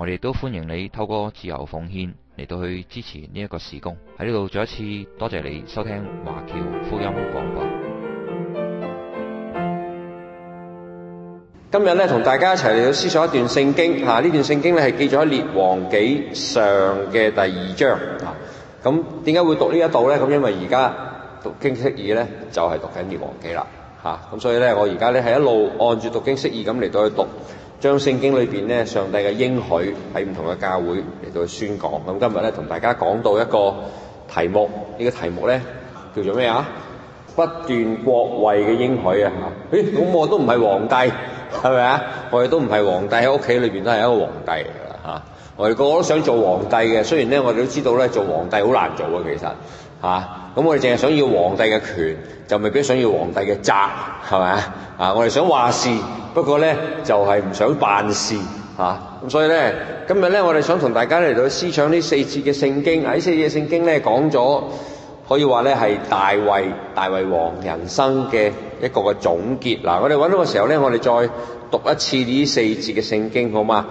我哋都歡迎你透過自由奉獻嚟到去支持呢一個事工。喺呢度再一次多謝你收聽華僑福音廣播。今日咧同大家一齊嚟到思想一段聖經，吓、啊、呢段聖經咧係記咗喺列王記上嘅第二章。吓，咁點解會讀一呢一度咧？咁因為而家讀經釋義咧就係、是、讀緊列王記啦。吓、啊、咁所以咧我而家咧係一路按住讀經釋義咁嚟到去讀。將聖經裏邊咧上帝嘅應許喺唔同嘅教會嚟到宣講。咁今日咧同大家講到一個題目，呢個題目咧叫做咩啊？不斷國位嘅應許啊！咦，咁我都唔係皇帝，係咪啊？我哋都唔係皇帝，喺屋企裏邊都係一個皇帝嚟㗎嚇。我哋個個都想做皇帝嘅，雖然咧我哋都知道咧做皇帝好難做啊，其實。啊！咁我哋淨係想要皇帝嘅權，就未必想要皇帝嘅責，係咪啊？我哋想話事，不過呢，就係、是、唔想辦事，嚇、啊！咁所以呢，今日呢，我哋想同大家嚟到思想呢四節嘅聖經，啊！呢四節嘅聖經呢，講咗，可以話呢係大衛大衛王人生嘅一個嘅總結。嗱、啊，我哋揾到個時候呢，我哋再讀一次呢四節嘅聖經，好嗎？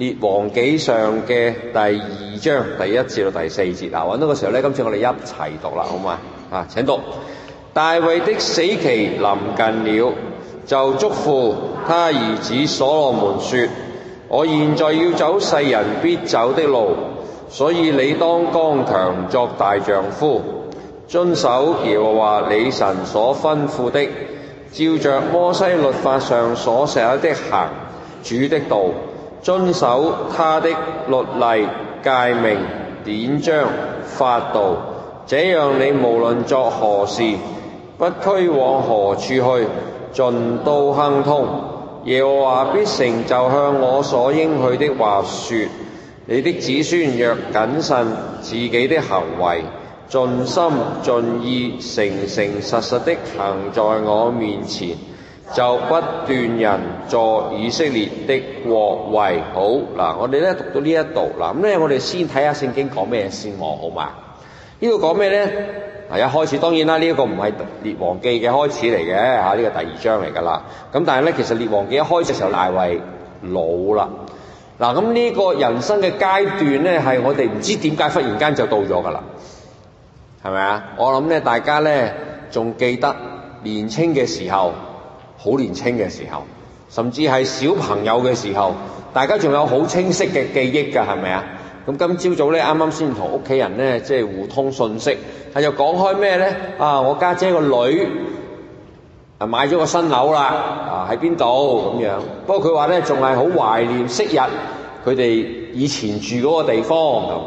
列王紀上嘅第二章第一節到第四節。嗱，揾到嘅時候咧，今次我哋一齊讀啦，好嘛？啊，請讀。大衛的死期臨近了，就囑咐他兒子所羅門說：我現在要走世人必走的路，所以你當剛強作大丈夫，遵守耶和華你神所吩咐的，照着摩西律法上所寫的行，主的道。遵守他的律例、誡命典章、法度，這樣你無論作何事，不拘往何處去，盡都亨通。耶和華必成就向我所應許的話說：你的子孫若謹慎自己的行為，盡心盡意誠誠實實的行在我面前。就不斷人坐以色列的國位，好嗱。我哋咧讀到看看、這個、呢一度嗱咁咧，我哋先睇下聖經講咩先我好嘛？呢個講咩咧？嗱，一開始當然啦，呢、這、一個唔係列王記嘅開始嚟嘅嚇，呢、這個第二章嚟噶啦。咁但係咧，其實列王記一開始就候，乃為老啦嗱。咁、這、呢個人生嘅階段咧，係我哋唔知點解忽然間就到咗噶啦，係咪啊？我諗咧，大家咧仲記得年青嘅時候。好年青嘅時候，甚至係小朋友嘅時候，大家仲有好清晰嘅記憶㗎，係咪啊？咁今朝早呢，啱啱先同屋企人呢，即係互通信息，係又講開咩呢？啊，我家姐個女啊買咗個新樓啦，啊喺邊度咁樣？不過佢話呢，仲係好懷念昔日佢哋以前住嗰個地方咁。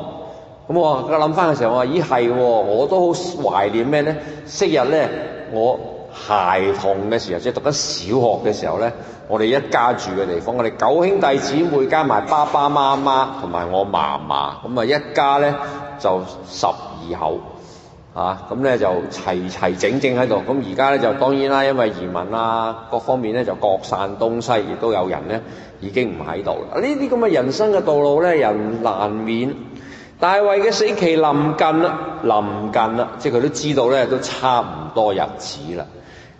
咁我諗返嘅時候，我話咦係喎，我都好懷念咩呢？昔日呢，我。孩童嘅時候，即係讀緊小學嘅時候咧，我哋一家住嘅地方，我哋九兄弟姊妹加埋爸爸媽媽同埋我嫲嫲，咁啊一家咧就十二口，啊咁咧就齊齊整整喺度。咁而家咧就當然啦，因為移民啦，各方面咧就各散東西，亦都有人咧已經唔喺度啦。呢啲咁嘅人生嘅道路咧，人難免。大衛嘅死期臨近啦，臨近啦，即係佢都知道咧，都差唔多日子啦。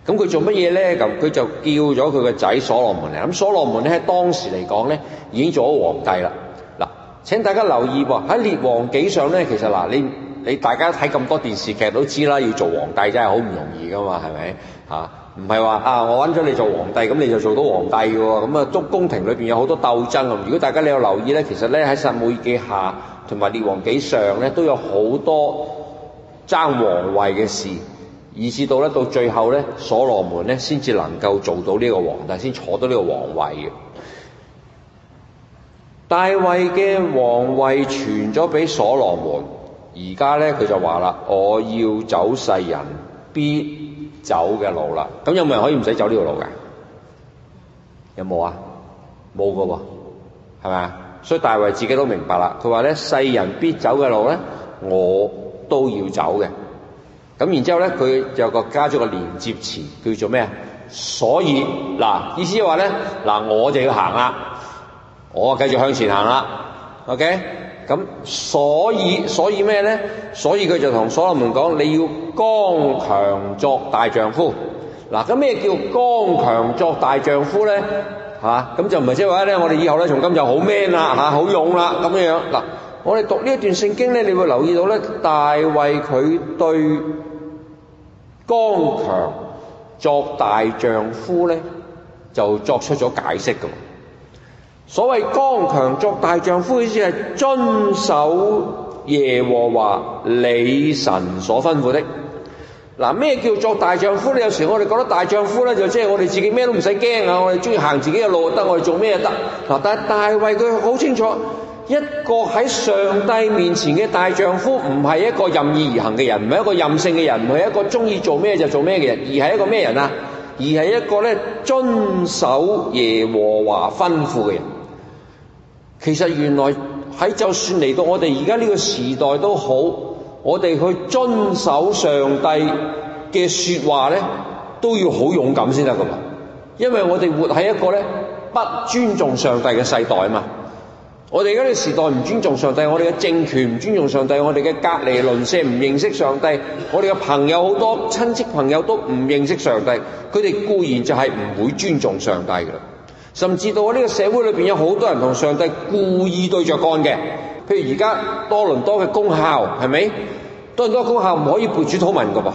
咁佢做乜嘢呢？咁佢就叫咗佢個仔所羅門嚟。咁所羅門咧，當時嚟講呢，已經做咗皇帝啦。嗱，請大家留意喎，喺《列王紀》上呢，其實嗱，你你大家睇咁多電視劇都知啦，要做皇帝真係好唔容易噶嘛，係咪？嚇、啊，唔係話啊，我揾咗你做皇帝，咁你就做到皇帝嘅喎。咁、嗯、啊，宮宮廷裏邊有好多鬥爭啊。如果大家你有留意呢，其實呢，喺《撒母耳記下》同埋《列王紀上》呢，都有好多爭皇位嘅事。以至到咧，到最後咧，所羅門咧先至能夠做到呢個皇帝，先坐到呢個皇位嘅。大衛嘅皇位傳咗俾所羅門，而家咧佢就話啦：我要走世人必走嘅路啦。咁有冇人可以唔使走呢條路嘅？有冇啊？冇㗎喎，係咪啊？所以大衛自己都明白啦。佢話咧：世人必走嘅路咧，我都要走嘅。咁然之後咧，佢就個加咗個連接詞，叫做咩啊？所以嗱，意思話咧，嗱我就要行啦，我繼續向前行啦。OK，咁所以所以咩咧？所以佢就同所羅門講：你要剛強作大丈夫。嗱，咁咩叫剛強作大丈夫咧？嚇、啊，咁就唔係即係話咧，我哋以後咧從今就好 man 啦，嚇、啊，好勇啦咁樣。嗱。我哋讀呢一段聖經咧，你會留意到咧，大衛佢對剛強作大丈夫咧，就作出咗解釋嘅。所謂剛強作大丈夫，意思係遵守耶和華你神所吩咐的。嗱、啊，咩叫做大丈夫咧？有時我哋覺得大丈夫咧，就即係我哋自己咩都唔使驚啊，我哋中意行自己嘅路就得，我哋做咩就得？嗱，但係大衛佢好清楚。一個喺上帝面前嘅大丈夫，唔係一個任意而行嘅人，唔係一個任性嘅人，唔係一個中意做咩就做咩嘅人，而係一個咩人啊？而係一個咧遵守耶和華吩咐嘅人。其實原來喺就算嚟到我哋而家呢個時代都好，我哋去遵守上帝嘅說話咧，都要好勇敢先得㗎嘛。因為我哋活喺一個咧不尊重上帝嘅世代啊嘛。我哋而家啲時代唔尊重上帝，我哋嘅政權唔尊重上帝，我哋嘅隔離鄰舍唔認識上帝，我哋嘅朋友好多親戚朋友都唔認識上帝，佢哋固然就係唔會尊重上帝㗎喇，甚至到我呢個社會裏邊有好多人同上帝故意對著幹嘅，譬如而家多倫多嘅公校係咪？多倫多公校唔可以背主禱文嘅噃，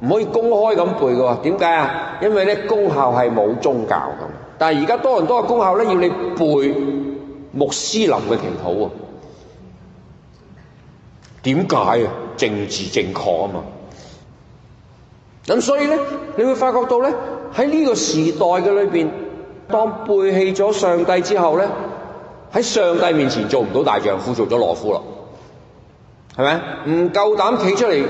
唔可以公開咁背嘅喎，點解啊？因為咧公校係冇宗教嘅，但係而家多倫多嘅公校咧要你背。穆斯林嘅祈禱啊，點解啊？政治正確啊嘛。咁所以咧，你會發覺到咧，喺呢個時代嘅裏邊，當背棄咗上帝之後咧，喺上帝面前做唔到大丈夫，做咗懦夫啦，係咪？唔夠膽企出嚟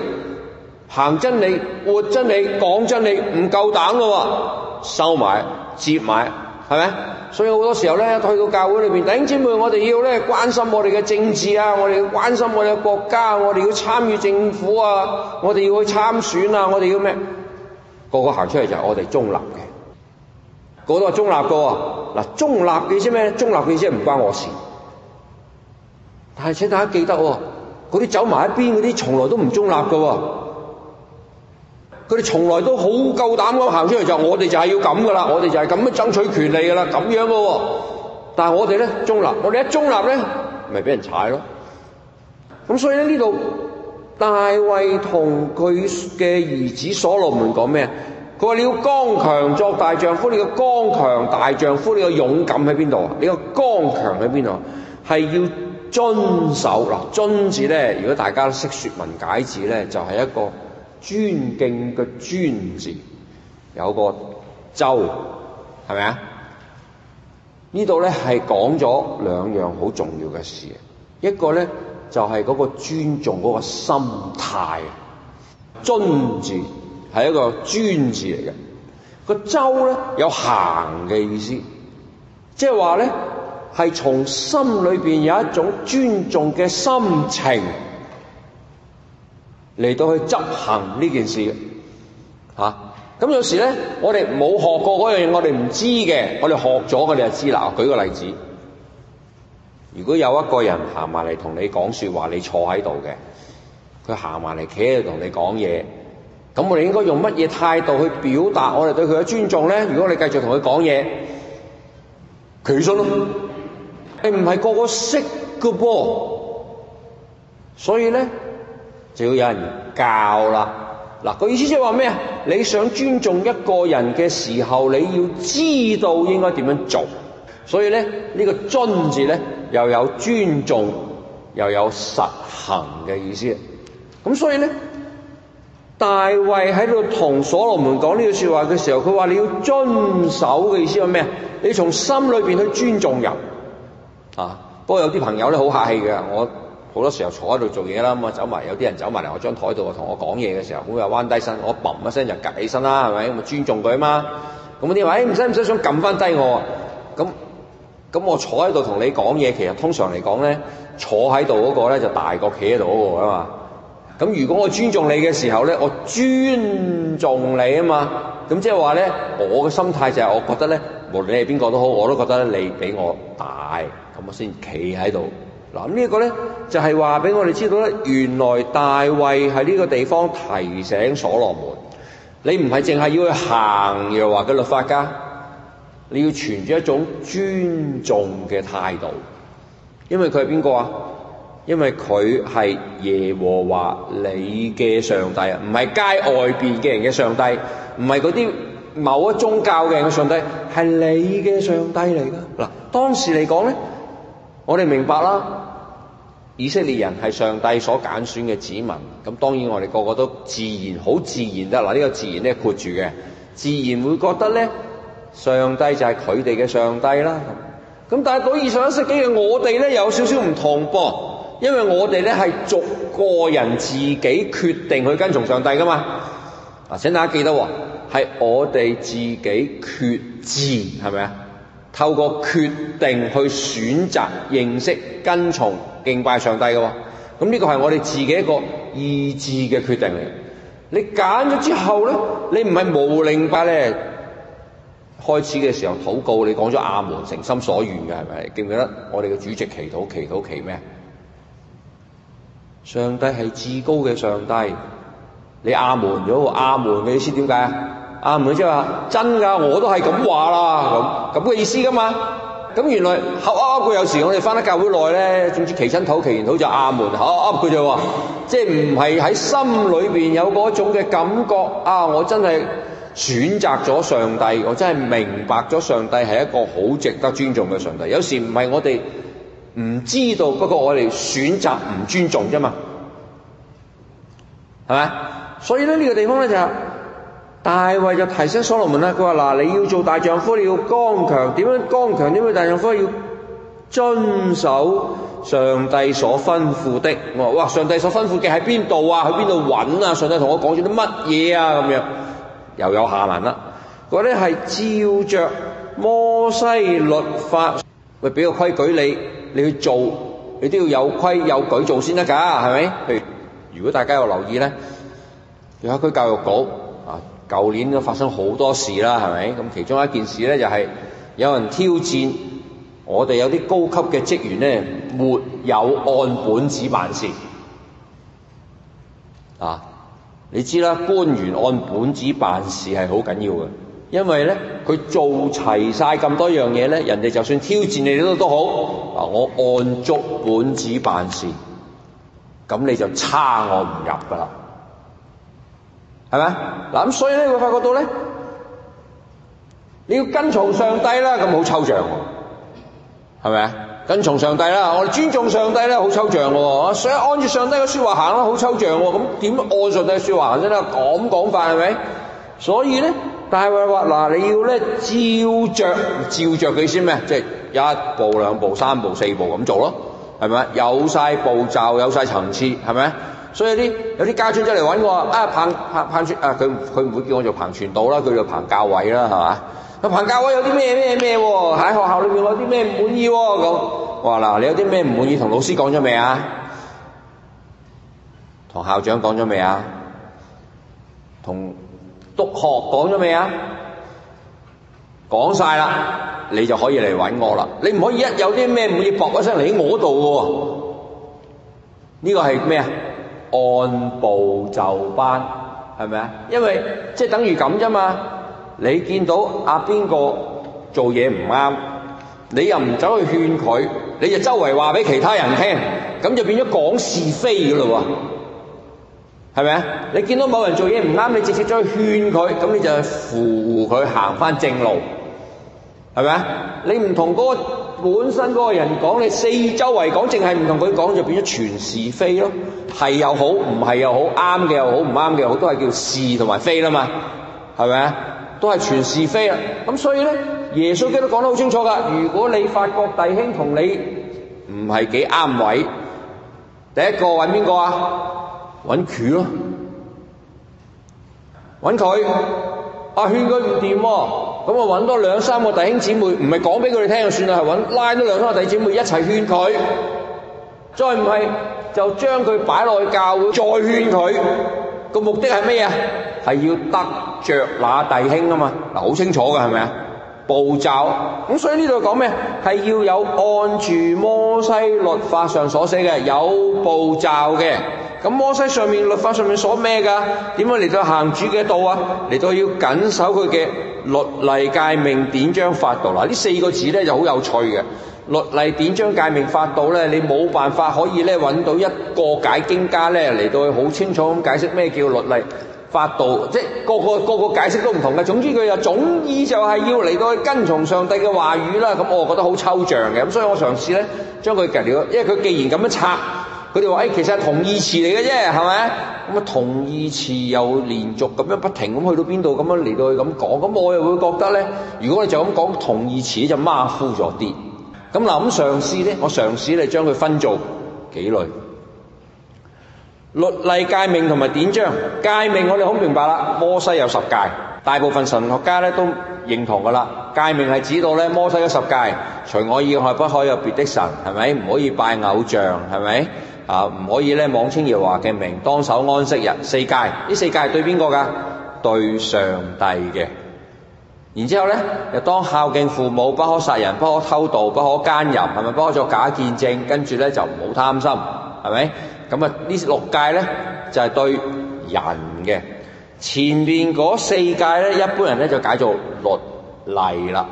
行真理、活真理、講真理，唔夠膽咯喎、啊，收埋、接埋。係咪？所以好多時候咧，一去到教會裏邊，弟兄姊妹，我哋要咧關心我哋嘅政治啊，我哋要關心我哋嘅國家啊，我哋要參與政府啊，我哋要去參選啊，我哋要咩？個個行出嚟就係我哋中立嘅，嗰度係中立嘅啊！嗱，中立嘅意思咩？中立嘅意思唔關我事。但係請大家記得喎，嗰啲走埋一邊嗰啲，從來都唔中立嘅喎。佢哋從來都好夠膽咁行出嚟，就是、我哋就係要咁噶啦，我哋就係咁樣爭取權利噶啦，咁樣噶喎、哦。但係我哋咧中立，我哋一中立咧，咪俾人踩咯。咁所以咧呢度，大衛同佢嘅兒子所羅門講咩？佢話你要剛強作大丈夫，你個剛強大丈夫，你個勇敢喺邊度啊？你個剛強喺邊度？係要遵守嗱，遵字咧，如果大家都識説文解字咧，就係、是、一個。尊敬嘅尊字有個周，係咪啊？呢度咧係講咗兩樣好重要嘅事，一個咧就係、是、嗰個尊重嗰個心態，尊字係一個尊字嚟嘅，個周咧有行嘅意思，即係話咧係從心裏邊有一種尊重嘅心情。嚟到去執行呢件事嘅咁、啊、有時咧，我哋冇學過嗰樣嘢，我哋唔知嘅，我哋學咗，我哋就知啦。舉個例子，如果有一個人行埋嚟同你講説話，你坐喺度嘅，佢行埋嚟企喺度同你講嘢，咁我哋應該用乜嘢態度去表達我哋對佢嘅尊重咧？如果你繼續同佢講嘢，其實咯，你唔係個個識㗎噃，所以咧。就要有人教啦。嗱，嗰個意思即係話咩啊？你想尊重一個人嘅時候，你要知道應該點樣做。所以咧，呢個、呢個遵字咧，又有尊重，又有實行嘅意思。咁所以咧，大衛喺度同所羅門講呢句説話嘅時候，佢話你要遵守嘅意思係咩啊？你從心裏邊去尊重人啊。不過有啲朋友咧好客氣嘅，我。好多時候坐喺度做嘢啦，咁啊走埋有啲人走埋嚟我張台度，同我講嘢嘅時候，咁又彎低身，我砰一聲就趌起身啦，係咪？咁啊尊重佢啊嘛。咁啲人話，誒唔使唔使想撳翻低我。咁咁我坐喺度同你講嘢，其實通常嚟講咧，坐喺度嗰個咧就大過企喺度嗰個啊嘛。咁如果我尊重你嘅時候咧，我尊重你啊嘛。咁即係話咧，我嘅心態就係我覺得咧，無論你係邊個都好，我都覺得你比我大，咁我先企喺度。嗱，呢個個咧，就係話俾我哋知道咧，原來大衛喺呢個地方提醒所羅門，你唔係淨係要去行耶和華嘅律法噶，你要存住一種尊重嘅態度，因為佢係邊個啊？因為佢係耶和華你嘅上帝啊，唔係街外邊嘅人嘅上帝，唔係嗰啲某一宗教嘅人嘅上帝，係你嘅上帝嚟噶。嗱，當時嚟講咧。我哋明白啦，以色列人係上帝所揀選嘅子民，咁當然我哋個個都自然好自然得，嗱，呢、這個自然咧括住嘅，自然會覺得咧，上帝就係佢哋嘅上帝啦。咁但係到二十一世紀我呢，我哋咧有少少唔同噃，因為我哋咧係逐個人自己決定去跟從上帝噶嘛。啊，請大家記得，係我哋自己決戰，係咪啊？透過決定去選擇認識跟從敬拜上帝嘅，咁呢個係我哋自己一個意志嘅決定嚟。你揀咗之後咧，你唔係無靈拜咧，開始嘅時候禱告，你講咗阿門，誠心所願嘅係咪？記唔記得我哋嘅主席祈禱祈禱祈咩？上帝係至高嘅上帝，你阿門咗阿門嘅意思點解啊？阿門即係話真噶，我都係咁話啦，咁咁嘅意思噶嘛？咁原來合阿阿有時我哋返到教會內咧，總之祈親土、祈完土就阿門，口。佢就話，即係唔係喺心裏邊有嗰種嘅感覺啊！我真係選擇咗上帝，我真係明白咗上帝係一個好值得尊重嘅上帝。有時唔係我哋唔知道，不過我哋選擇唔尊重啫嘛，係咪？所以咧，呢個地方咧就是。大衛就提醒所羅門啦，佢話嗱，你要做大丈夫，你要剛強，點樣剛強？點樣大丈夫？要遵守上帝所吩咐的。我話哇，上帝所吩咐嘅喺邊度啊？去邊度揾啊？上帝同我講咗啲乜嘢啊？咁樣又有下文啦。嗰啲係照着摩西律法，咪俾個規矩你，你去做，你都要有規有矩做先得㗎，係咪？譬如如果大家有留意咧，社區教育局。舊年都發生好多事啦，係咪？咁其中一件事咧，就係有人挑戰我哋有啲高級嘅職員咧，沒有按本子辦事啊！你知啦，官員按本子辦事係好緊要嘅，因為咧佢做齊晒咁多樣嘢咧，人哋就算挑戰你哋都都好啊，我按足本子辦事，咁你就差我唔入噶啦。係咪？嗱，所以咧，會發覺到咧，你要跟從上帝啦，咁好抽象喎，係咪啊？跟從上帝啦，我哋尊重上帝咧，好抽象嘅喎，所以按照上帝嘅說話行啦，好抽象喎，咁點按上帝嘅說話行先咧？講講法係咪？所以咧，大衛話嗱，你要咧照着照着佢先咩？即係一步兩步三步四步咁做咯，係咪啊？有晒步驟，有晒層次，係咪？所以啲有啲家長出嚟揾我啊，彭彭彭啊，佢佢唔會叫我做彭傳道啦，佢做彭教偉啦，係嘛？阿彭教偉有啲咩咩咩喎？喺、啊、學校裏邊我有啲咩唔滿意喎？咁，我話嗱，你有啲咩唔滿意，同老師講咗未啊？同校長講咗未啊？同督學講咗未啊？講晒啦，你就可以嚟揾我啦。你唔可以一有啲咩唔滿意，搏一聲嚟我度嘅喎。呢個係咩啊？按部就班，係咪啊？因為即係、就是、等於咁啫嘛。你見到阿、啊、邊個做嘢唔啱，你又唔走去勸佢，你就周圍話俾其他人聽，咁就變咗講是非噶咯。喎。係咪啊？你見到某人做嘢唔啱，你直接走去勸佢，咁你就去扶佢行翻正路。係咪？你唔同嗰個本身嗰個人講，你四周圍講，淨係唔同佢講，就變咗全是非咯。係又好，唔係又好，啱嘅又好，唔啱嘅又好，都係叫是同埋非啦嘛。係咪？都係全是非啊！咁所以呢，耶穌基督講得好清楚噶。如果你發覺弟兄同你唔係幾啱位，第一個揾邊個啊？揾佢咯。揾佢，阿勸佢唔掂喎。咁我揾多兩三個弟兄姊妹，唔係講俾佢哋聽就算啦，係揾拉多兩三個弟兄姊妹一齊勸佢，再唔係就將佢擺落去教會再勸佢。個目的係咩啊？係要得着那弟兄啊嘛。嗱，好清楚㗎，係咪啊？步驟。咁，所以呢度講咩啊？係要有按住摩西律法上所寫嘅有步驟嘅。咁摩西上面律法上面所咩噶？點解嚟到行主嘅道啊？嚟到要謹守佢嘅律例誡命典章法度喇。呢四個字咧就好有趣嘅。律例典章誡命法度咧，你冇辦法可以咧揾到一個解經家咧嚟到去好清楚咁解釋咩叫律例法度，即係個個解釋都唔同嘅。總之佢又總意就係要嚟到去跟從上帝嘅話語啦。咁我覺得好抽象嘅，咁所以我嘗試呢將佢截了，因為佢既然咁樣拆。佢哋話，誒，其實係同義詞嚟嘅啫，係咪？咁啊，同義詞又連續咁樣不停咁去到邊度咁樣嚟到去咁講，咁我又會覺得咧，如果你就咁講同義詞就馬虎咗啲。咁嗱，咁嘗試咧，我嘗試咧將佢分做幾類。律例誡命同埋典章，誡命我哋好明白啦。摩西有十誡，大部分神學家咧都認同噶啦。誡命係指到咧摩西有十誡，除我以外不可有別的神，係咪？唔可以拜偶像，係咪？啊，唔可以咧！妄稱耶和華嘅名，當守安息日，四誡，呢四誡係對邊個㗎？對上帝嘅。然之後咧，又當孝敬父母，不可殺人，不可偷盜，不可奸淫，係咪？不可作假見證，跟住咧就唔好貪心，係咪？咁啊，呢六誡咧就係、是、對人嘅。前面嗰四誡咧，一般人咧就解做律例啦。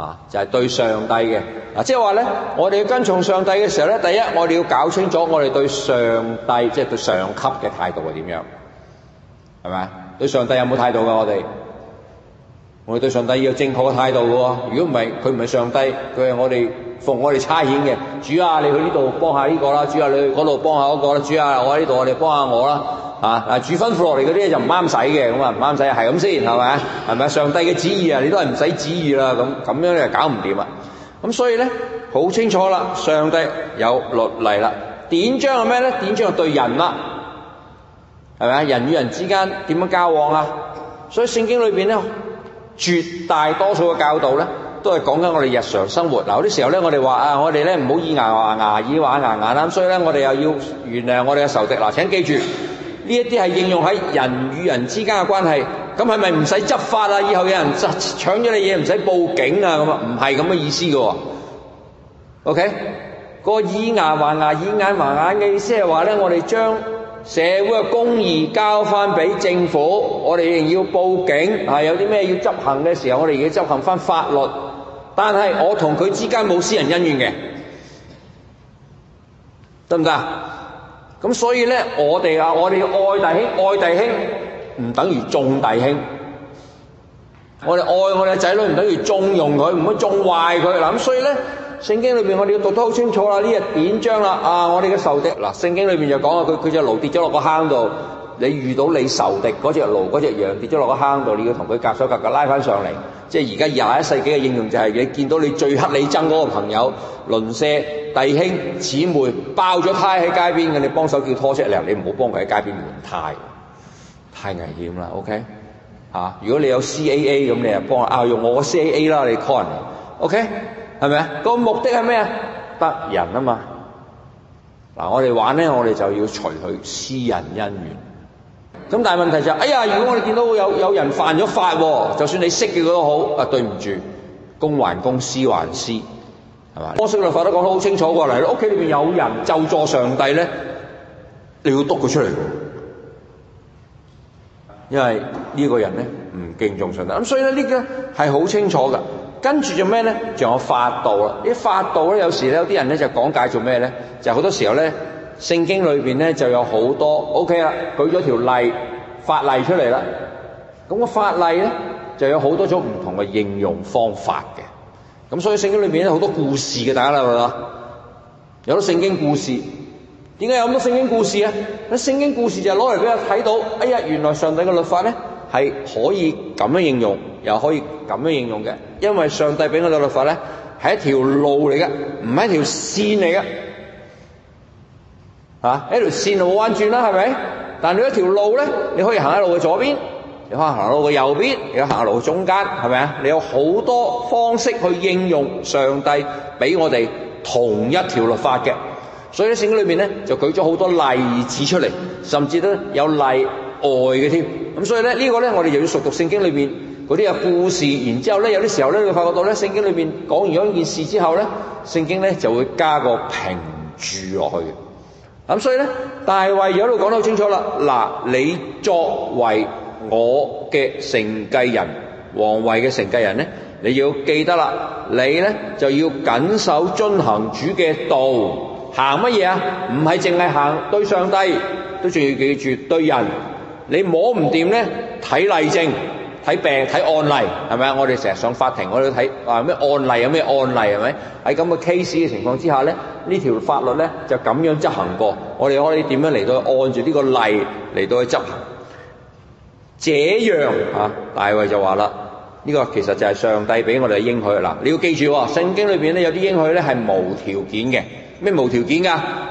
啊，就係對上帝嘅啊，即係話咧，我哋要跟從上帝嘅時候咧，第一我哋要搞清楚我哋對上帝，即係對上級嘅態度係點樣，係咪啊？對上帝有冇態度噶？我哋我哋對上帝要有正確嘅態度嘅。如果唔係，佢唔係上帝，佢係我哋奉我哋差遣嘅主啊！你去呢度幫下呢個啦，主啊！你去嗰度幫下嗰個啦，主啊！我喺呢度我哋幫下我啦。啊！嗱，主吩咐落嚟嗰啲咧就唔啱使嘅，咁啊唔啱使，係咁先，係咪啊？係咪上帝嘅旨意啊？你都係唔使旨意啦，咁咁樣你就搞唔掂啊！咁所以咧好清楚啦，上帝有律例啦，典章係咩咧？典章係對人啦、啊，係咪啊？人與人之間點樣交往啊？所以聖經裏邊咧，絕大多數嘅教導咧，都係講緊我哋日常生活嗱。有啲時候咧，我哋話啊，我哋咧唔好以牙牙牙以還牙，牙牙，咁所以咧，我哋又要原諒我哋嘅仇敵嗱。請記住。呢一啲係應用喺人與人之間嘅關係，咁係咪唔使執法啊？以後有人搶咗你嘢，唔使報警啊？咁啊，唔係咁嘅意思嘅喎。OK，個以牙還牙、以眼還眼嘅意思係話咧，我哋將社會嘅公義交翻俾政府，我哋要報警啊，有啲咩要執行嘅時候，我哋要執行翻法律。但係我同佢之間冇私人恩怨嘅，得唔得？咁所以呢，我哋啊，我哋要愛弟兄愛弟兄，唔等於縱弟兄。我哋愛我哋仔女，唔等於縱容佢，唔好縱壞佢。咁所以呢，聖經裏面我哋要讀得好清楚啦，呢個典章啦啊，我哋嘅受敵嗱，聖經裏邊就講啊，佢佢隻驢跌咗落個坑度。你遇到你仇敵嗰隻驢、嗰隻羊跌咗落個坑度，你要同佢夾手夾腳拉翻上嚟。即係而家廿一世紀嘅應用就係、是，你見到你最乞你憎嗰個朋友、鄰舍、弟兄、姊妹爆咗胎喺街邊嘅，你幫手叫拖車嚟，你唔好幫佢喺街邊換胎，太危險啦。OK，嚇、啊！如果你有 CAA 咁、啊，你啊幫啊用我個 CAA 啦，你 call 人。OK，係咪啊？個目的係咩啊？得人啊嘛。嗱、啊，我哋玩咧，我哋就要除去私人恩怨。咁但係問題就係、是，哎呀！如果我哋見到有有人犯咗法喎，就算你識嘅佢都好，啊對唔住，公還公，私還私，係嘛？摩西律法都講得好清楚過嚟啦，屋企裏面有人就坐上帝咧，你要督佢出嚟，因為呢個人咧唔敬重上帝。咁所以咧呢個係好清楚㗎。跟住就咩咧？仲有法度啊！呢法度咧，有時咧有啲人咧就講解做咩咧？就好、是、多時候咧。聖經裏邊咧就有好多，OK 啦，舉咗條例法例出嚟啦。咁個法例咧就有好多種唔同嘅應用方法嘅。咁所以聖經裏邊咧好多故事嘅，大家留意下。有啲聖經故事，點解有咁多聖經故事咧？啲聖經故事就係攞嚟俾我睇到，哎呀，原來上帝嘅律法咧係可以咁樣應用，又可以咁樣應用嘅。因為上帝俾我哋嘅律法咧係一條路嚟嘅，唔係一條線嚟嘅。啊！一條線就冇彎轉啦，係咪？但你一條路咧，你可以行喺路嘅左邊，你可以行喺路嘅右邊，你可以行喺路嘅中間，係咪啊？你有好多方式去應用上帝俾我哋同一條律法嘅，所以聖經裏面咧就舉咗好多例子出嚟，甚至都有例外嘅添。咁所以咧呢、呢個咧，我哋又要熟讀聖經裏邊嗰啲嘅故事。然之後咧，有啲時候咧，你會發覺到咧，聖經裏面講完咗一件事之後咧，聖經咧就會加個評注落去。咁所以咧，大衛喺度講得好清楚啦。嗱，你作為我嘅承繼人，王位嘅承繼人咧，你要記得啦。你咧就要謹守遵行主嘅道，行乜嘢啊？唔係淨係行對上帝，都仲要記住對人。你摸唔掂咧，睇例證。睇病睇案例，係咪啊？我哋成日上法庭，我哋睇啊，咩案例有咩案例係咪？喺咁嘅 case 嘅情況之下咧，呢條法律咧就咁樣執行過。我哋可以點樣嚟到，按住呢個例嚟到去執行？這樣啊，大衛就話啦，呢、這個其實就係上帝俾我哋嘅應許嗱。你要記住，聖、哦、經裏邊咧有啲應許咧係無條件嘅，咩無條件噶？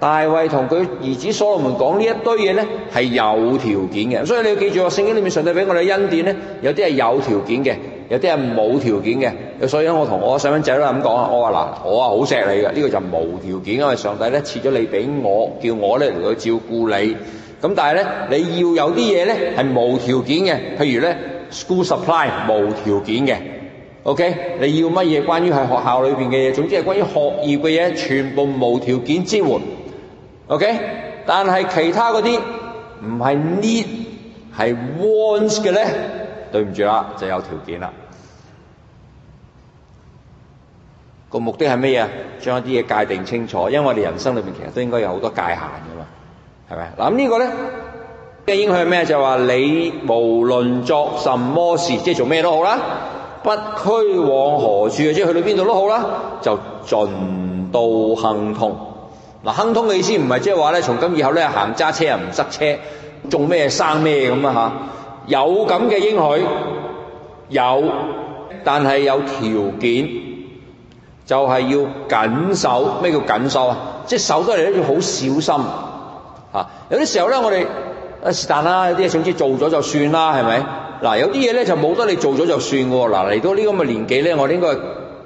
大衛同佢兒子所羅門講呢一堆嘢咧，係有條件嘅。所以你要記住，聖經裏面上帝俾我哋恩典咧，有啲係有條件嘅，有啲係冇條件嘅。所以咧，我同我細蚊仔都係咁講啊，我話嗱，我啊好錫你嘅呢個就無條件，因為上帝咧賜咗你俾我，叫我咧嚟去照顧你。咁但係咧，你要有啲嘢咧係無條件嘅，譬如咧 school supply 無條件嘅。OK，你要乜嘢？關於係學校裏邊嘅嘢，總之係關於學業嘅嘢，全部無條件支援。OK，但係其他嗰啲唔係 need，係 want 嘅咧，對唔住啦，就有條件啦。個目的係咩啊？將一啲嘢界定清楚，因為我哋人生裏邊其實都應該有好多界限噶嘛，係咪？嗱，呢個咧嘅影響咩？就係話你無論作什麼事，即係做咩都好啦，不拘往何處，或者去到邊度都好啦，就盡都亨通。嗱，亨通嘅意思唔係即係話咧，從今以後咧行揸車又唔塞車，做咩生咩咁啊？嚇，有咁嘅應許，有，但係有條件，就係要緊守。咩叫緊守啊？即係守得嚟咧，要好小心嚇。有啲時候咧，我哋啊是但啦，有啲嘢總之做咗就算啦，係咪？嗱，有啲嘢咧就冇得你做咗就算喎。嗱，嚟到呢咁嘅年紀咧，我哋應該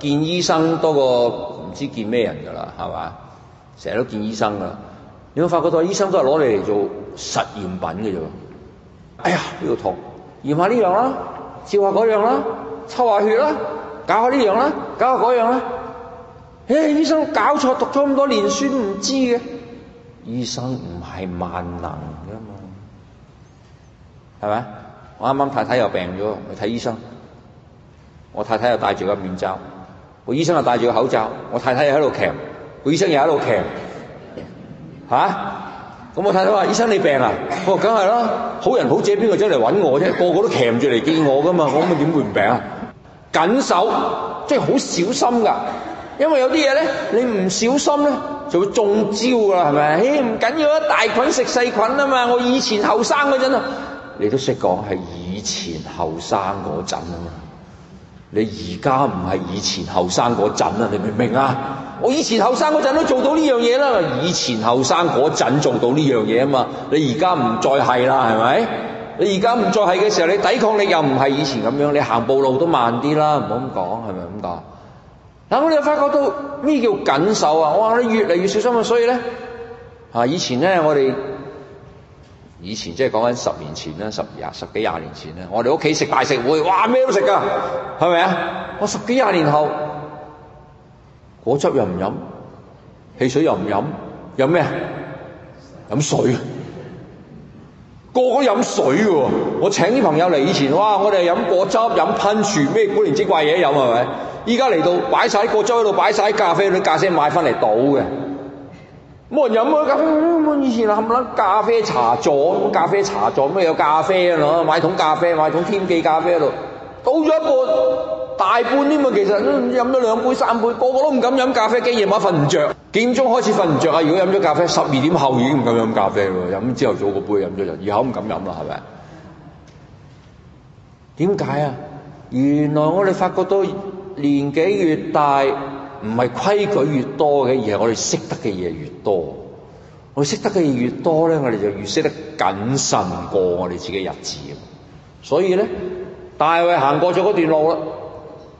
見醫生多過唔知見咩人㗎啦，係嘛？成日都見醫生噶，你有，有發覺到醫生都係攞嚟做實驗品嘅啫？哎呀，呢個痛，驗下呢樣啦，啊，照下嗰樣啦，啊，抽下血啦，啊，搞下呢樣啦，啊，搞下嗰樣啦，啊。唉、哎，醫生搞錯讀咗咁多年書，唔知嘅。醫生唔係萬能噶嘛，係咪？我啱啱，太太又病咗，去睇醫生。我太太又戴住個面罩，我醫生又戴住個口罩，我太太又喺度 c 個醫生又喺度騎嚇，咁、啊、我睇到話：醫生你病啊？我梗係咯，好人好姐邊個出嚟揾我啫？個個都騎住嚟見我噶嘛，我咁點會唔病、啊？謹守，即係好小心㗎，因為有啲嘢咧，你唔小心咧就會中招㗎，係咪？唔緊要啊，大菌食細菌啊嘛，我以前後生嗰陣啊。你都識講係以前後生嗰陣嘛。你而家唔係以前後生嗰陣啊，你明唔明啊？我以前後生嗰陣都做到呢樣嘢啦，以前後生嗰陣做到呢樣嘢啊嘛。你而家唔再係啦，係咪？你而家唔再係嘅時候，你抵抗力又唔係以前咁樣，你行步路都慢啲啦，唔好咁講，係咪咁講？但，我哋又發覺到咩叫緊守啊？我話你越嚟越小心啊，所以咧嚇，以前咧我哋。以前即係講緊十年前啦，十廿十幾廿年前啦，我哋屋企食大食會，哇咩都食㗎，係咪啊？我十幾廿年後，果汁又唔飲，汽水又唔飲，飲咩啊？飲水，個個飲水嘅喎。我請啲朋友嚟，以前哇，我哋飲果汁、飲噴泉，咩古靈精怪嘢都飲，係咪？依家嚟到擺曬果汁喺度，擺曬咖啡嗰啲咖啡，咖啡買翻嚟倒嘅。冇人飲啊！咖啡，以前啊係咪咖啡茶座，咖啡茶座咩？有咖啡啊。買桶咖，咖啡，買桶天記咖啡度，倒咗一半，大半添啊！其實飲咗兩杯三杯，個個都唔敢飲咖啡，驚夜晚瞓唔着，幾點鐘開始瞓唔着。啊？如果飲咗咖啡，十二點後已經唔敢飲咖啡咯，飲咗朝頭早個杯飲咗就以後唔敢飲啦，係咪？點解啊？原來我哋發覺到年紀越大。唔係規矩越多嘅，而係我哋識得嘅嘢越多。我哋識得嘅嘢越多咧，我哋就越識得謹慎過我哋自己日子。所以咧，大衛行過咗嗰段路啦，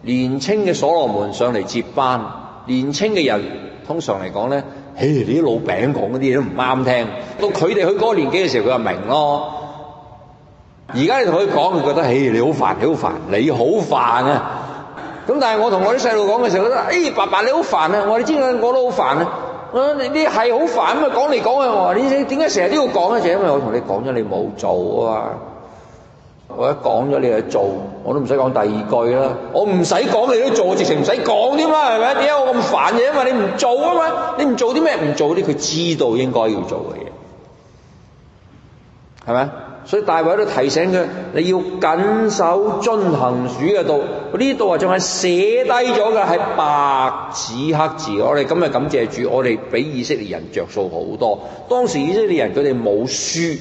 年青嘅所羅門上嚟接班。年青嘅人通常嚟講咧，誒，你啲老餅講嗰啲嘢都唔啱聽。到佢哋去嗰個年紀嘅時候，佢就明咯。而家你同佢講，佢覺得，誒，你好煩，你好煩，你好煩啊！咁但係我同我啲細路講嘅時候，覺得「誒、哎，爸爸你好煩啊！我話你知啦，我都好煩啊！我你啲係好煩咁啊，講嚟講去我話你點解成日都要講嘅？就因為我同你講咗你冇做啊嘛！我一講咗你去做，我都唔使講第二句啦。我唔使講你都做，直情唔使講添啦，係咪？點解我咁煩、啊？嘅？因為你唔做啊嘛！你唔做啲咩？唔做啲佢知道應該要做嘅嘢，係咪？所以大衛都提醒佢，你要謹守遵行主嘅道。呢度啊，仲係寫低咗嘅係白紙黑字。我哋今日感謝主，我哋俾以色列人着數好多。當時以色列人佢哋冇書，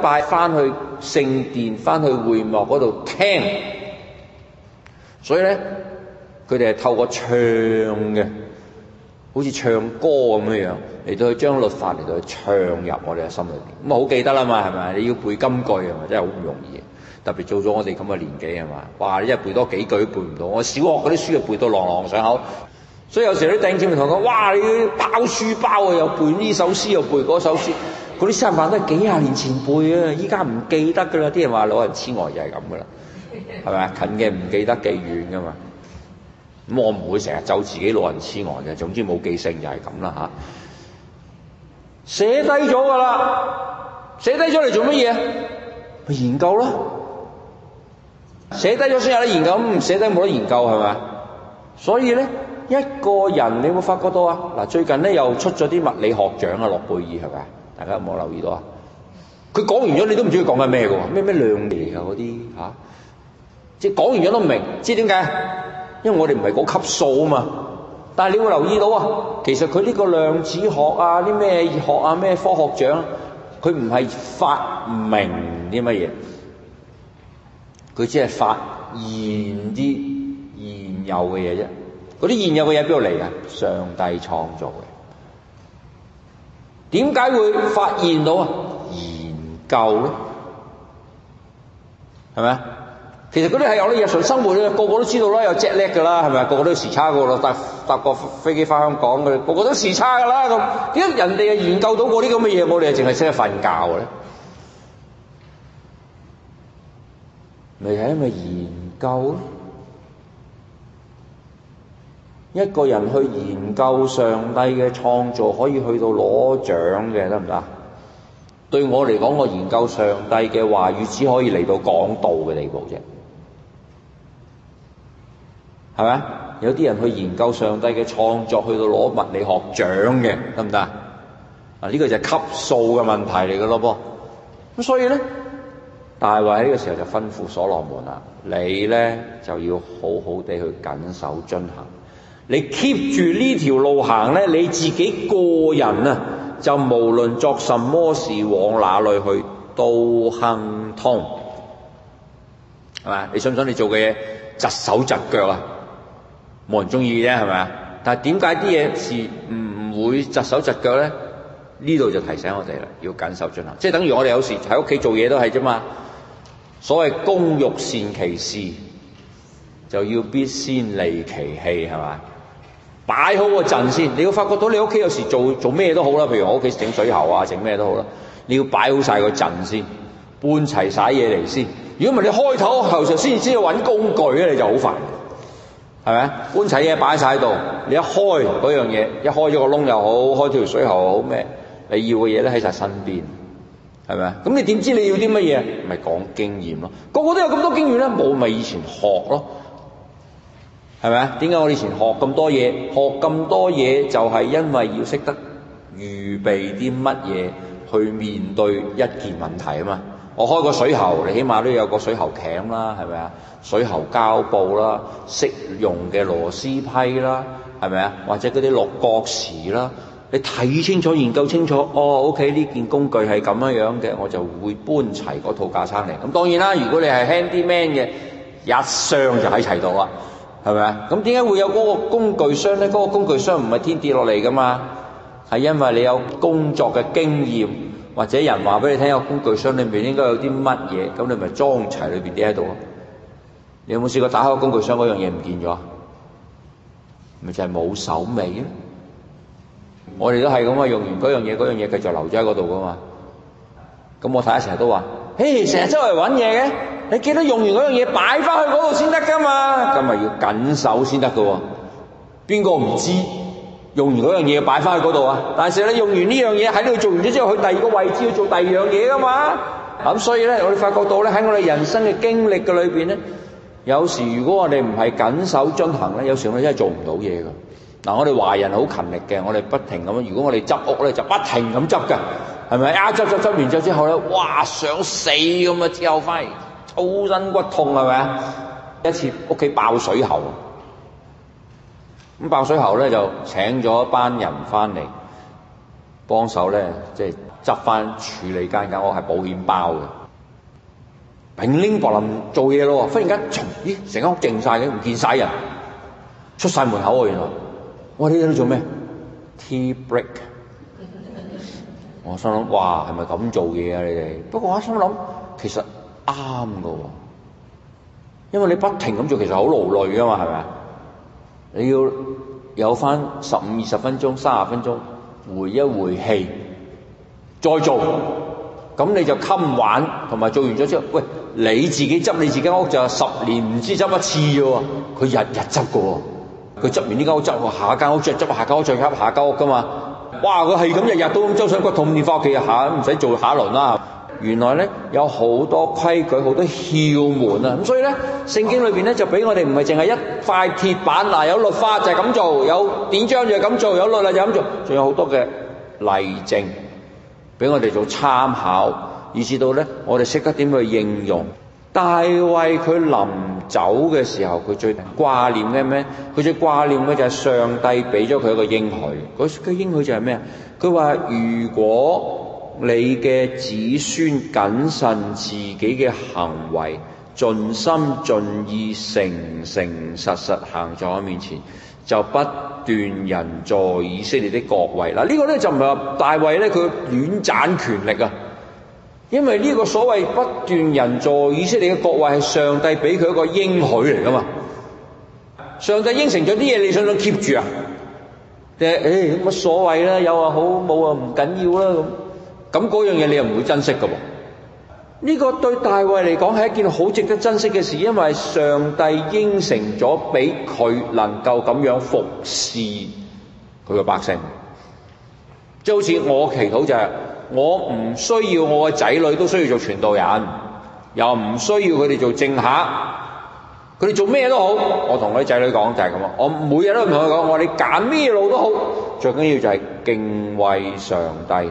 拜翻去聖殿，翻去會幕嗰度聽。所以咧，佢哋係透過唱嘅。好似唱歌咁樣樣嚟到去將律法嚟到去唱入我哋嘅心裏邊，咁啊好記得啦嘛，係咪？你要背金句啊嘛，真係好唔容易，特別做咗我哋咁嘅年紀係嘛，哇！你一係背多幾句都背唔到。我小學嗰啲書又背到朗朗上口，所以有時啲頂尖嘅同佢講，哇！你包書包啊，又背呢首詩，又背嗰首詩，嗰啲詩文都幾廿年前背啊，依家唔記得㗎啦。啲人話老人痴呆就係咁㗎啦，係咪啊？近嘅唔記得，幾遠㗎嘛。咁我唔會成日就自己老人痴呆嘅，總之冇記性就係咁啦嚇。寫低咗㗎啦，寫低咗嚟做乜嘢？咪研究咯。寫低咗先有得研究，唔寫低冇得研究係咪？所以咧，一個人你有冇發覺到啊？嗱，最近咧又出咗啲物理學獎啊，諾貝爾係咪啊？大家有冇留意到啊？佢講完咗你都唔知佢講緊咩嘅喎？咩咩量嚟啊嗰啲嚇，即係講完咗都唔明，知點解？因為我哋唔係嗰級數啊嘛，但係你會留意到啊，其實佢呢個量子學啊，啲咩學啊，咩科學獎，佢唔係發明啲乜嘢，佢只係發現啲現有嘅嘢啫。嗰啲現有嘅嘢邊度嚟啊？上帝創造嘅。點解會發現到啊？研究呢，係咪啊？其實嗰啲係有啲日常生活，個個都知道啦，有 jet lag 㗎啦，係咪？個個都時差個咯，搭搭個飛機返香港嘅，個個都時差㗎啦咁。點解人哋啊研究到嗰啲咁嘅嘢，我哋啊淨係識得瞓覺咧？咪係 因，因為研究一個人去研究上帝嘅創造，可以去到攞獎嘅得唔得？對我嚟講，我研究上帝嘅話語，只可以嚟到講道嘅地步啫。係咪有啲人去研究上帝嘅創作，去到攞物理學獎嘅，得唔得啊？呢、呢個就係級數嘅問題嚟嘅咯，噃、啊。咁所以咧，大衛喺呢個時候就吩咐所羅門啦，你咧就要好好地去謹守遵行。你 keep 住呢條路行咧，你自己個人啊，就無論作什麼事往哪裏去都亨通，係咪？你想唔想你做嘅嘢，窒手窒腳啊？冇人中意啫，係咪啊？但係點解啲嘢事唔會窒手窒腳咧？呢度就提醒我哋啦，要謹守進行。即係等於我哋有時喺屋企做嘢都係啫嘛。所謂工欲善其事，就要必先利其器，係咪？擺好個陣先，你要發覺到你屋企有時做做咩都好啦，譬如我屋企整水喉啊，整咩都好啦，你要擺好晒個陣先，搬齊晒嘢嚟先。如果唔係你開頭頭上先知道揾工具咧，你就好煩。係咪啊？搬齊嘢擺晒喺度，你一開嗰樣嘢，一開咗個窿又好，開條水喉好咩？你要嘅嘢咧喺晒身邊，係咪啊？咁你點知你要啲乜嘢？咪講經驗咯。個個都有咁多經驗咧，冇咪以前學咯，係咪啊？點解我以前學咁多嘢？學咁多嘢就係因為要識得預備啲乜嘢去面對一件問題啊嘛。我開個水喉，你起碼都有個水喉鉗啦，係咪啊？水喉膠布啦，適用嘅螺絲批啦，係咪啊？或者嗰啲六角匙啦，你睇清楚、研究清楚，哦，OK，呢件工具係咁樣樣嘅，我就會搬齊嗰套架生嚟。咁當然啦，如果你係 handyman 嘅，一箱就喺齊度啦，係咪啊？咁點解會有嗰個工具箱呢？嗰、嗰個工具箱唔係天跌落嚟噶嘛，係因為你有工作嘅經驗。或者人話俾你聽，個工具箱裏面應該有啲乜嘢，咁你咪裝齊裏邊啲喺度。你有冇試過打開工具箱嗰樣嘢唔見咗？咪就係冇手尾咯。我哋都係咁啊，用完嗰樣嘢，嗰樣嘢繼續留咗喺嗰度噶嘛。咁我睇下，成日都話，嘿，成日周圍揾嘢嘅，你記得用完嗰樣嘢擺翻去嗰度先得噶嘛。咁咪要緊手先得嘅喎，邊個唔知？用完嗰樣嘢擺翻去嗰度啊！但是你用完呢樣嘢喺度做完咗之後，去第二個位置要做第二樣嘢噶嘛？咁所以咧，我哋發覺到咧，喺我哋人生嘅經歷嘅裏邊咧，有時如果我哋唔係緊守進行咧，有時我哋真係做唔到嘢㗎。嗱，我哋華人好勤力嘅，我哋不停咁。如果我哋執屋咧，就不停咁執㗎，係咪一執執執完咗之後咧，哇！想死咁啊！之後翻嚟，周身骨痛係咪啊？一次屋企爆水喉。咁爆水喉咧，就請咗一班人翻嚟幫手咧，即係執翻處理間間屋險，係保險包嘅。平拎伯林做嘢咯，忽然間，咦，成間屋靜曬嘅，唔見晒人，出晒門口喎。原來，我話你喺度做咩？Tea break。我心諗，哇，係咪咁做嘢啊？你哋？不過我心諗，其實啱噶，因為你不停咁做，其實好勞累啊嘛，係咪啊？你要有翻十五二十分鐘、三十分鐘，回一回氣，再做，咁你就襟玩，同埋做完咗之後，喂，你自己執你自己間屋就十年唔知執一次啫喎，佢日日執嘅喎，佢執完呢間屋執下間屋，再執下間屋，再執下間屋㗎嘛，哇！佢係咁日日都周身骨痛你年翻屋企啊，下唔使做下輪啦。原來咧有好多規矩、好多竅門啊！咁所以咧聖經裏邊咧就俾我哋唔係淨係一塊鐵板嗱，有律法就係咁做，有典章就係咁做，有律例就咁做，仲有好多嘅例證俾我哋做參考，以至到咧我哋識得點去應用。大衛佢臨走嘅時候，佢最掛念嘅咩？佢最掛念嘅就係上帝俾咗佢一個應許。嗰個應許就係咩啊？佢話如果你嘅子孫謹慎自己嘅行為，盡心盡意，誠誠實實行在我面前，就不斷人坐以色列的國位。嗱、這個，呢個咧就唔係話大衛咧，佢亂斬權力啊！因為呢個所謂不斷人坐以色列嘅國位，係上帝俾佢一個應許嚟噶嘛。上帝應承咗啲嘢，你想唔想 keep 住啊？誒，誒、哎，乜所謂啦？有啊好，冇啊唔緊要啦咁。咁嗰樣嘢你又唔會珍惜嘅喎。呢、這個對大衛嚟講係一件好值得珍惜嘅事，因為上帝應承咗俾佢能夠咁樣服侍佢嘅百姓。即係好似我祈禱就係、是、我唔需要我嘅仔女都需要做傳道人，又唔需要佢哋做政客，佢哋做咩都好。我同啲仔女講就係咁啊！我每日都同佢講，我哋你揀咩路都好，最緊要就係敬畏上帝。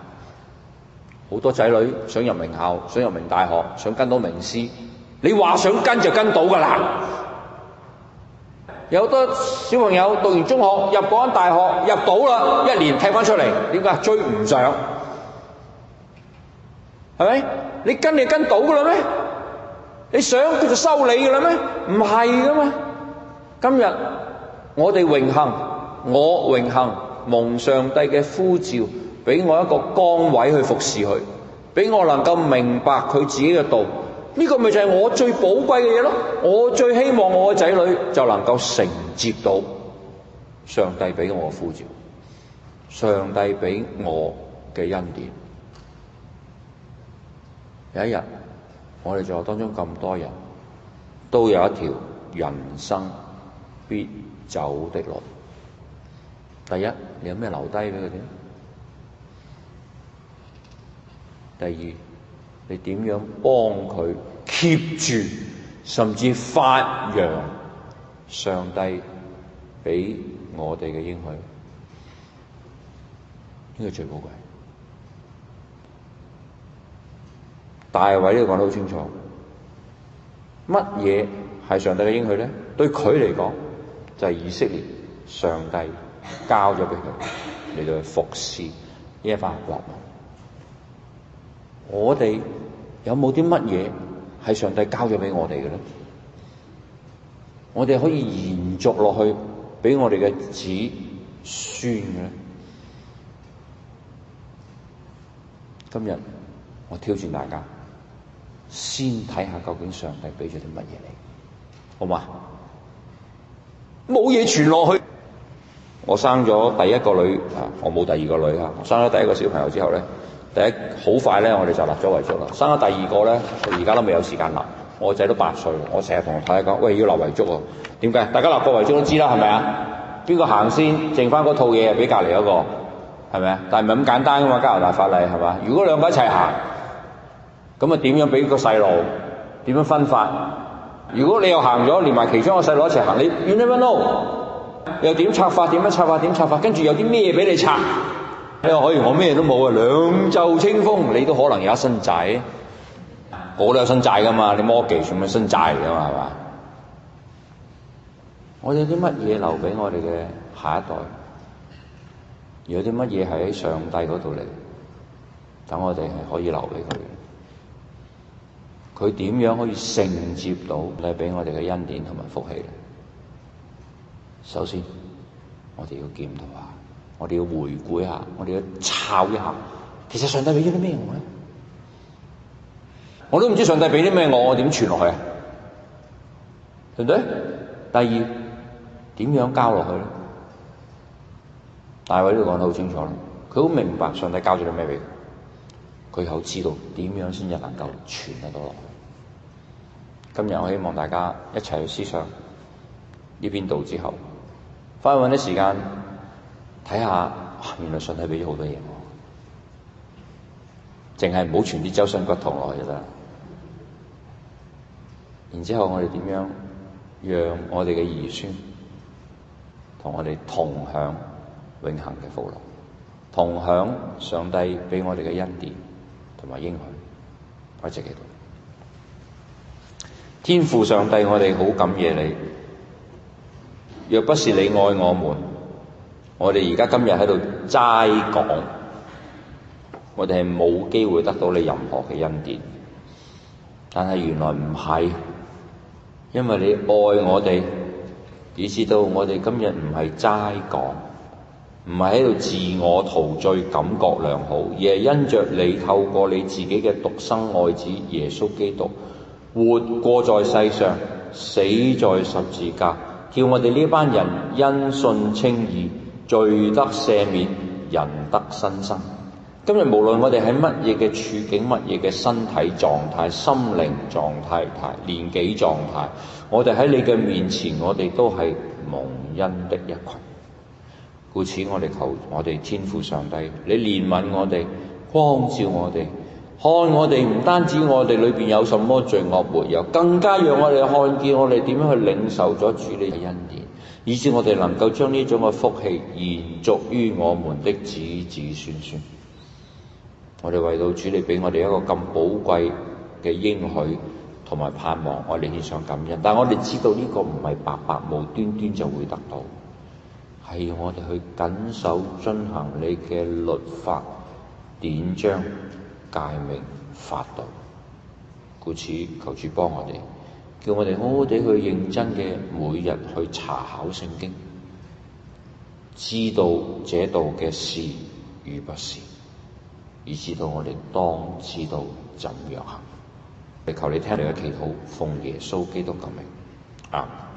好多仔女想入名校，想入名大學，想跟到名師。你話想跟就跟到噶啦？有好多小朋友讀完中學入嗰間大學入到啦，一年踢翻出嚟，點解追唔上？係咪？你跟你跟到噶啦咩？你想佢就收你噶啦咩？唔係噶嘛？今日我哋榮幸，我榮幸蒙上帝嘅呼召。俾我一個崗位去服侍佢，俾我能夠明白佢自己嘅道，呢個咪就係我最寶貴嘅嘢咯。我最希望我嘅仔女就能夠承接到上帝俾我嘅呼召，上帝俾我嘅恩典。有一日，我哋在座當中咁多人都有一條人生必走的路。第一，你有咩留低俾佢哋？第二，你點樣幫佢 keep 住，甚至發揚上帝俾我哋嘅應許？呢個最寶貴。大衛呢度講得好清楚，乜嘢係上帝嘅應許咧？對佢嚟講，就係、是、以色列上帝交咗俾佢嚟到去服侍呢一塊國王。我哋有冇啲乜嘢係上帝交咗俾我哋嘅咧？我哋可以延續落去俾我哋嘅子孫嘅咧？今日我挑戰大家，先睇下究竟上帝俾咗啲乜嘢嚟。好嘛？冇嘢傳落去。 我生咗第一個女啊，我冇第二個女啊，我生咗第一個小朋友之後咧。第一好快咧，我哋就立咗遺囑啦。生咗第二個咧，我而家都未有時間立。我仔都八歲，我成日同我太太講，喂，要立遺囑喎。點解？大家立個遺囑都知啦，係咪啊？邊個行先，剩翻嗰套嘢俾隔離嗰個，係咪啊？但係唔係咁簡單噶嘛？加拿大法例係咪？如果兩個一齊行，咁啊點樣俾個細路？點樣分法？如果你又行咗，連埋其中個細路一齊行，你，you never know，又點拆法？點樣拆法？點拆法？跟住有啲咩俾你拆？你、哎、可以，我咩都冇啊！兩袖清風，你都可能有一身債，我都有身債噶嘛？你摩記全部身債嚟噶嘛？係嘛？我哋有啲乜嘢留俾我哋嘅下一代？有啲乜嘢喺上帝嗰度嚟，等我哋係可以留俾佢嘅？佢點樣可以承接到你俾我哋嘅恩典同埋福氣咧？首先，我哋要見到。我哋要回顧一下，我哋要抄一下。其實上帝俾咗啲咩我咧？我都唔知上帝俾啲咩我，我點傳落去？對唔對？第二，點樣交落去咧？大衛都講得好清楚，佢好明白上帝交咗啲咩俾佢，佢又知道點樣先至能夠傳得到落去。今日我希望大家一齊去思想呢篇道之後，翻去搵啲時間。睇下，原來上帝俾咗好多嘢我哋，淨係唔好傳啲周身骨痛落去噶啦。然之後我哋點樣讓我哋嘅兒孫和我們同我哋同享永恆嘅福樂，同享上帝俾我哋嘅恩典同埋應許。我哋一齊祈禱，天父上帝，我哋好感謝你。若不是你愛我們，我哋而家今日喺度齋講，我哋係冇機會得到你任何嘅恩典。但係原來唔係，因為你愛我哋，以致到我哋今日唔係齋講，唔係喺度自我陶醉，感覺良好，而係因着你透過你自己嘅獨生愛子耶穌基督，活過在世上，死在十字架，叫我哋呢班人因信稱義。罪得赦免，人得新生，生。今日無論我哋係乜嘢嘅處境、乜嘢嘅身體狀態、心靈狀態、年紀狀態，我哋喺你嘅面前，我哋都係蒙恩的一群。故此，我哋求我哋天父上帝，你憐憫我哋，光照我哋，看我哋，唔單止我哋裏邊有什麼罪惡沒有，更加讓我哋看見我哋點樣去領受咗主你嘅恩典。以致我哋能夠將呢種嘅福氣延續於我們的子子孫孫，我哋為到主，你畀我哋一個咁寶貴嘅應許同埋盼望，我哋獻上感恩。但係我哋知道呢個唔係白白無端端就會得到，係要我哋去緊守遵行你嘅律法典章誡命法度，故此求主幫我哋。叫我哋好好哋去認真嘅每日去查考聖經，知道這道嘅是與不是，以至到知道我哋當知道怎樣行。求你聽你嘅祈禱，奉耶穌基督嘅名啊！Amen.